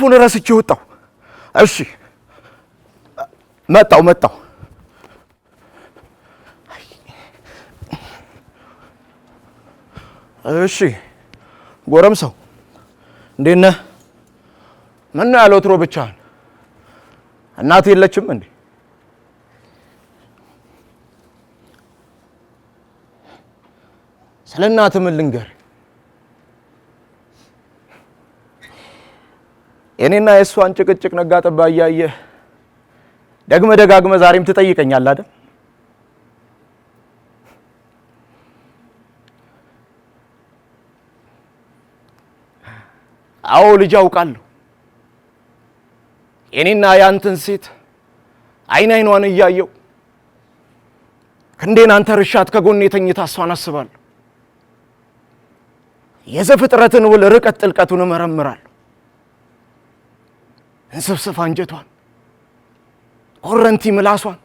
ቁልፉን ረስቼ ወጣሁ። እሺ መጣሁ መጣሁ። እሺ ጎረምሳው እንዴት ነህ? ምነው ያለ ወትሮ ብቻህን? እናት የለችም እንዴ? ስለ እናትህ ምን ልንገር የኔና የእሷን ጭቅጭቅ ነጋ ጠባ እያየህ ደግመ ደጋግመ ዛሬም ትጠይቀኛል አይደል? አዎ ልጅ አውቃለሁ። የኔና ያንተን ሴት አይን አይኗን እያየው ክንዴን አንተ ርሻት ከጎን የተኝታ እሷን አስባለሁ። የዘፍጥረትን ውል ርቀት ጥልቀቱን እመረምራለሁ። እንስፍስፍ አንጀቷን፣ ኮረንቲ ምላሷን፣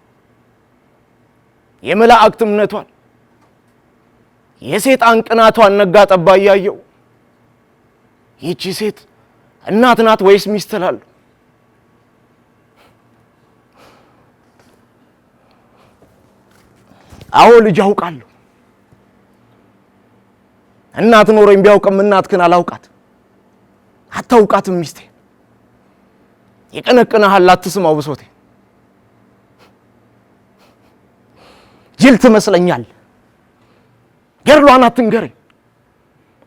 የመላእክት እምነቷን፣ የሴጣን ቅናቷን ነጋ ጠባ እያየው ይቺ ሴት እናት ናት ወይስ ሚስት እላለሁ። አዎ ልጅ አውቃለሁ። እናት ኖሮኝ ቢያውቅም እናት ግን አላውቃት አታውቃትም ሚስቴ ይቀነቅንሃል። አትስማው ብሶቴ ጅል ትመስለኛል። ገድሏን አትንገረኝ።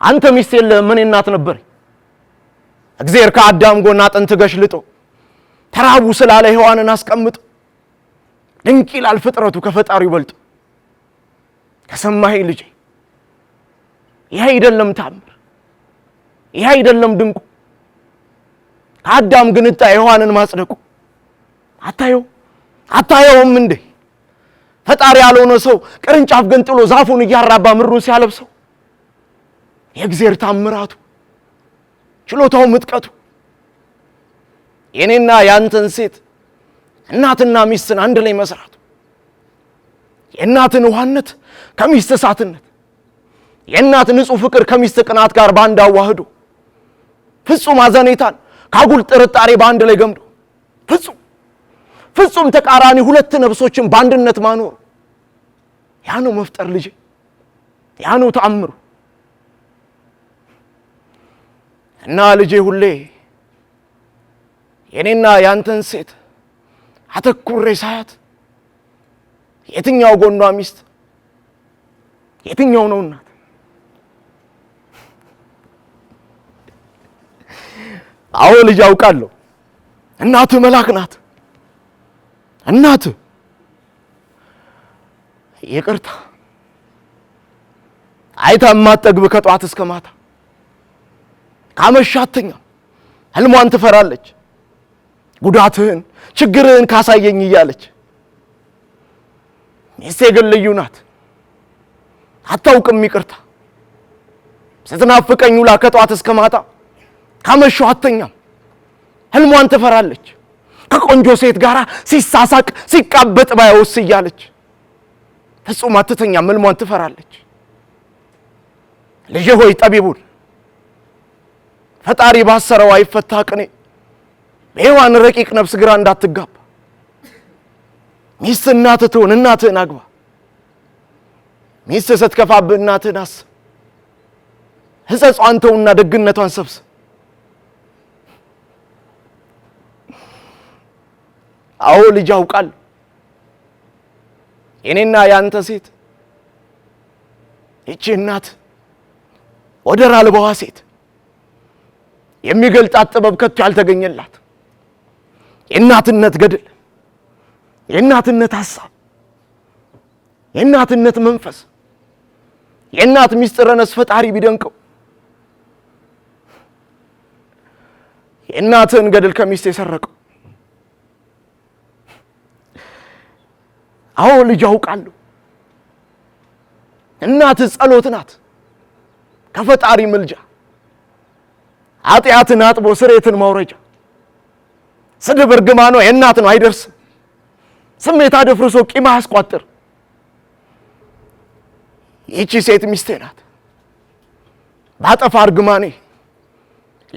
አንተ ሚስት የለ ምን እናት ነበር እግዚአብሔር ከአዳም ጎን አጥንት ገሽልጦ ተራቡ ስላለ ሔዋንን አስቀምጦ ድንቅ ይላል ፍጥረቱ ከፈጣሪው በልጦ። ከሰማሄ ልጄ፣ ይህ አይደለም ታምር፣ ይህ አይደለም ድንቁ አዳም ግን እጣ ሔዋንን ማጽደቁ አታየው አታየውም እንዴ? ፈጣሪ ያልሆነ ሰው ቅርንጫፍ ገንጥሎ ዛፉን እያራባ ምሩን ሲያለብሰው የእግዜር ታምራቱ ችሎታው ምጥቀቱ የኔና ያንተን ሴት እናትና ሚስትን አንድ ላይ መስራቱ የእናትን ውሃነት ከሚስት እሳትነት የእናት ንጹህ ፍቅር ከሚስት ቅናት ጋር በአንድ አዋህዶ ፍጹም አዘኔታን ካጉል ጥርጣሬ በአንድ ላይ ገምዶ ፍጹም ፍጹም ተቃራኒ ሁለት ነፍሶችን በአንድነት ማኖር ያ ነው መፍጠር ልጅ ያ ነው ተአምሩ። እና ልጄ ሁሌ የኔና ያንተን ሴት አተኩሬ ሳያት የትኛው ጎኗ ሚስት የትኛው ነው እናት አዎ ልጅ አውቃለሁ። እናት መልአክ ናት። እናት ይቅርታ አይታ የማትጠግብ ከጠዋት እስከ ማታ ካመሻተኛ ህልሟን ትፈራለች። ጉዳትህን ችግርህን ካሳየኝ እያለች ሚስቴ ግን ልዩ ናት። አታውቅም ይቅርታ ስትናፍቀኝ ውላ ከጠዋት እስከ ማታ ካመሸሁ አተኛም። ህልሟን ትፈራለች። ከቆንጆ ሴት ጋር ሲሳሳቅ ሲቃበጥ ባያውስ እያለች ፍጹም አትተኛም። ህልሟን ትፈራለች። ልጄ ሆይ ጠቢቡን ፈጣሪ ባሰረው አይፈታ ቅኔ በሔዋን ረቂቅ ነፍስ ግራ እንዳትጋባ ሚስት እናት ትሆን እናትህን አግባ። ሚስት ስትከፋብህ እናትህን አስብ። ሕጸጿን ተውና ደግነቷን ሰብስብ። አዎ ልጅ አውቃል። የኔና ያንተ ሴት ይቺ እናት ወደር አልባዋ ሴት የሚገልጣት ጥበብ ከቶ ያልተገኘላት የእናትነት ገድል፣ የእናትነት ሀሳብ፣ የእናትነት መንፈስ፣ የእናት ሚስጥረ ነፍስ ፈጣሪ ቢደንቀው የእናትን ገድል ከሚስት የሰረቀው አዎ ልጅ አውቃለሁ። እናት ጸሎት ናት፣ ከፈጣሪ ምልጃ፣ ኃጢአትን አጥቦ ስሬትን ማውረጃ። ስድብ እርግማኗ የእናት ነው፣ አይደርስም። ስሜት አደፍርሶ ቂማ አያስቋጥር። ይቺ ሴት ሚስቴ ናት። ባጠፋ እርግማኔ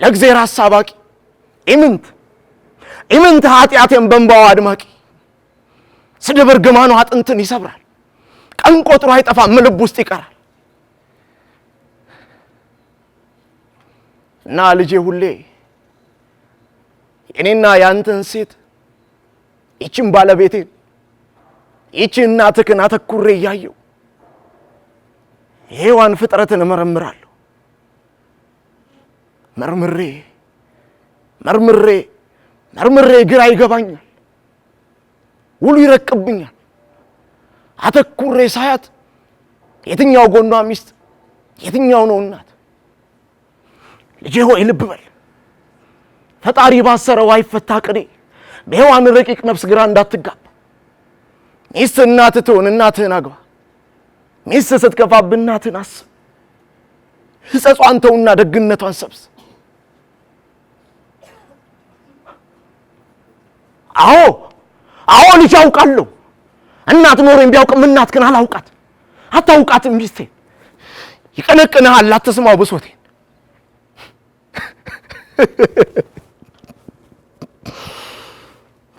ለእግዜር ሀሳብ ኢምንት ኢምንት ኃጢአቴን በንባዋ አድማቂ ስለ በርግማኑ አጥንትን ይሰብራል። ቀን ቆጥሮ አይጠፋም፣ ልብ ውስጥ ይቀራል። እና ልጄ ሁሌ የእኔና ያንተን ሴት ይችን ባለቤቴን ይቺ እናትህን አተኩሬ እያየው የሔዋን ፍጥረትን እመረምራለሁ። መርምሬ መርምሬ መርምሬ ግራ ይገባኛል። ውሉ ይረቅብኛል። አተኩሬ ሳያት የትኛው ጎኗ ሚስት የትኛው ነው እናት? ልጄ ሆይ ልብ በል ፈጣሪ ባሰረው አይፈታ ቅኔ በሔዋን ረቂቅ ነፍስ ግራ እንዳትጋባ። ሚስት እናት ትሆን እናትህን አግባ። ሚስት ስትከፋብህ እናትህን አስብ። ሕጸጿን ተውና ደግነቷን ሰብስ። አዎ አዎ ልጅ አውቃለሁ። እናት ኖሮኝ ቢያውቅም እናት ግን አላውቃት አታውቃትም። ሚስቴ ይቀነቅንሃል፣ አትስማው ብሶቴን።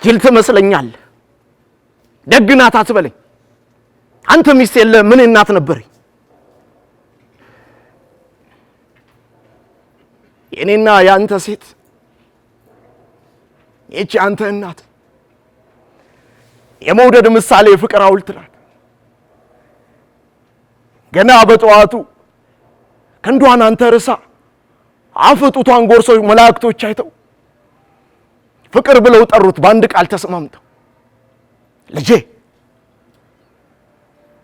ጅል ትመስለኛል ደግ ናት አትበለኝ። አንተ ሚስቴ የለ ምን እናት ነበረኝ? የእኔና የአንተ ሴት ይቺ አንተ እናት የመውደድ ምሳሌ የፍቅር ሐውልት ናት። ገና በጠዋቱ ክንዷን አንተ ርሳ አፍጡቷን ጎርሶ መላእክቶች አይተው ፍቅር ብለው ጠሩት። በአንድ ቃል ተስማምተው ልጄ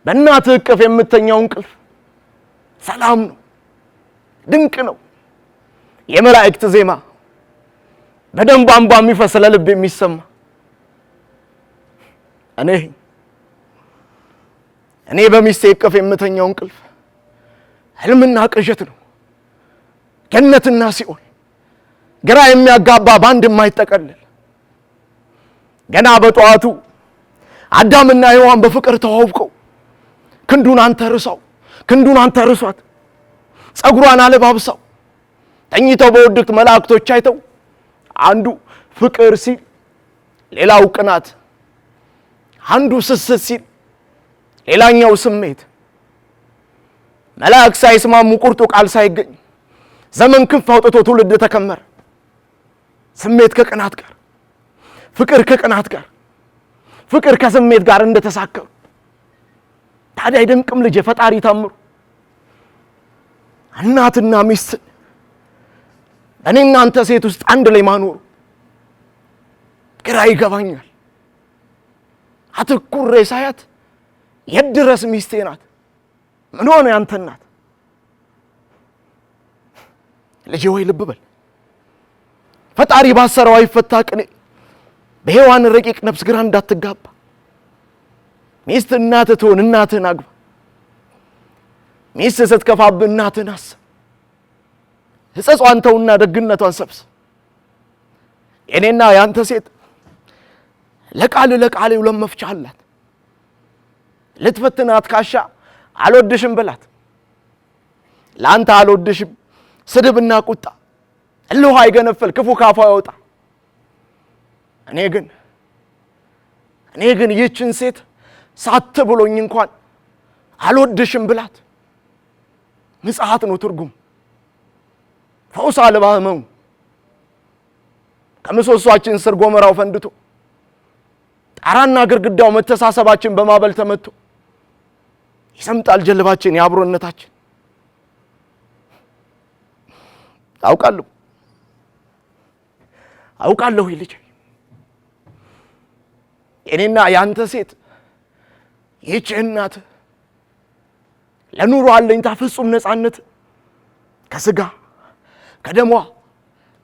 በእናትህ እቅፍ የምተኛው እንቅልፍ ሰላም ነው፣ ድንቅ ነው። የመላእክት ዜማ በደንብ አንባ የሚፈስ ለልብ የሚሰማ እኔ እኔ በሚስቴ እቅፍ የምተኛው እንቅልፍ ህልምና ቅዠት ነው። ገነትና ሲኦል ግራ የሚያጋባ በአንድ የማይጠቀልል ገና በጠዋቱ አዳምና ሔዋን በፍቅር ተዋውቀው ክንዱን አንተ ርሳው ክንዱን አንተ ርሷት ጸጉሯን አለባብሳው ተኝተው በውድቅት መላእክቶች አይተው አንዱ ፍቅር ሲል ሌላው ቅናት አንዱ ስስት ሲል ሌላኛው ስሜት መልአክ ሳይስማሙ ቁርጡ ቃል ሳይገኝ ዘመን ክንፍ አውጥቶ ትውልድ ተከመረ። ስሜት ከቅናት ጋር ፍቅር ከቅናት ጋር ፍቅር ከስሜት ጋር እንደተሳከሩ ታዲያ አይደንቅም? ልጅ የፈጣሪ ታምሩ እናትና ሚስት በእኔ እናንተ ሴት ውስጥ አንድ ላይ ማኖሩ ግራ ይገባኛል። አትኩር ሳያት የት ድረስ ሚስቴ ናት? ምን ሆነ ያንተ ናት? ልጄ ወይ ልብ በል ፈጣሪ ባሰረው አይፈታ ቅኔ በሔዋን ረቂቅ ነፍስ ግራ እንዳትጋባ ሚስት እናት ትሆን እናትህን አግባ ሚስት ስትከፋብ እናትህን አስብ ሕጸጿን ተውና ደግነቷን ሰብስ የእኔና የአንተ ሴት ለቃል ለቃል ሁለት መፍቻ አላት። ልትፈትናት ካሻ አልወድሽም በላት። ለአንተ አልወድሽም ስድብና ቁጣ እልህ አይገነፈል ክፉ ካፏ ያወጣ። እኔ ግን እኔ ግን ይህችን ሴት ሳት ብሎኝ እንኳን አልወድሽም ብላት። ምጽሐት ነው ትርጉም ፈውስ አልባ ህመሙ ከምሰሷችን ስር ጎመራው ፈንድቶ አራና ግርግዳው መተሳሰባችን በማበል ተመቶ ይሰምጣል ጀልባችን የአብሮነታችን። አውቃለሁ አውቃለሁ ልጄ የኔና የአንተ ሴት ይህች እናት ለኑሮ አለኝታ ፍጹም ነፃነት ከስጋ ከደሟ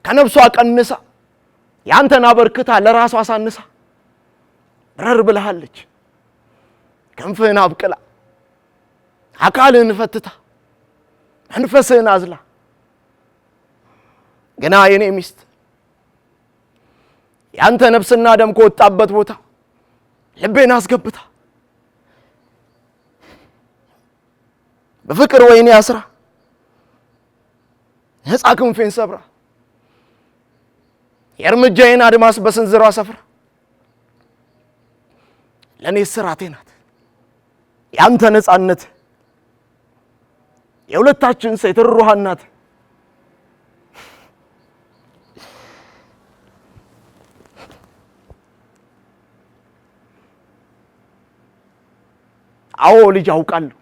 ከነፍሷ ቀንሳ ያንተን አበርክታ ለራሷ አሳንሳ ረር ብልሃለች። ክንፍህን አብቅላ አካልህን ፈትታ መንፈስህን አዝላ ግና የኔ ሚስት ያንተ ነፍስና ደም ከወጣበት ቦታ ልቤን አስገብታ በፍቅር ወይን አስራ ነፃ ክንፌን ሰብራ የእርምጃዬን አድማስ በስንዝሯ ሰፍራ ለእኔ ስራቴ ናት። የአንተ ነፃነት የሁለታችን ሴት ሩሃን ናት። አዎ ልጅ አውቃለሁ።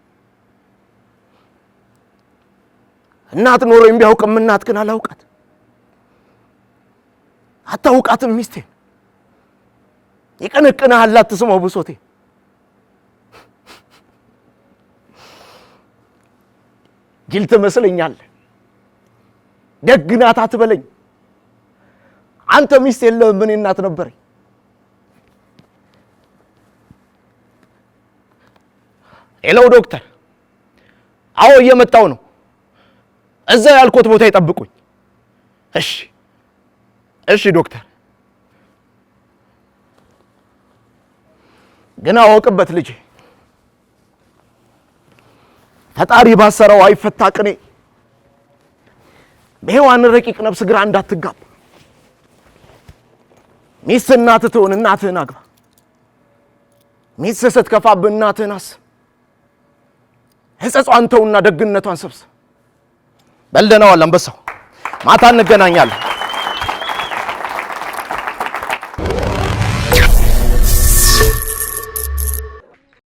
እናት ኖሮ ቢያውቅም እናት ግን አላውቃት አታውቃትም ሚስቴ ይቅንቅንሃል። አትስማው ብሶቴ ጅል ትመስለኛል። ደግ ናት አትበለኝ። አንተ ሚስት የለህም፣ እኔ እናት ነበረኝ። ሄለው ዶክተር፣ አዎ እየመጣው ነው። እዛ ያልኮት ቦታ ይጠብቁኝ። እሺ፣ እሺ ዶክተር ግን አወቅበት ልጄ ፈጣሪ ባሰረው አይፈታ ቅኔ በሔዋን ረቂቅ ነፍስ ግራ እንዳትጋባ ሚስት እናት ትሆን እናትህን አግባ። ሚስት ስትከፋብህ እናትህን አስ ሕጸጿን ተውና ደግነቷን ሰብስ በልደነዋል አንበሳው። ማታ እንገናኛለን።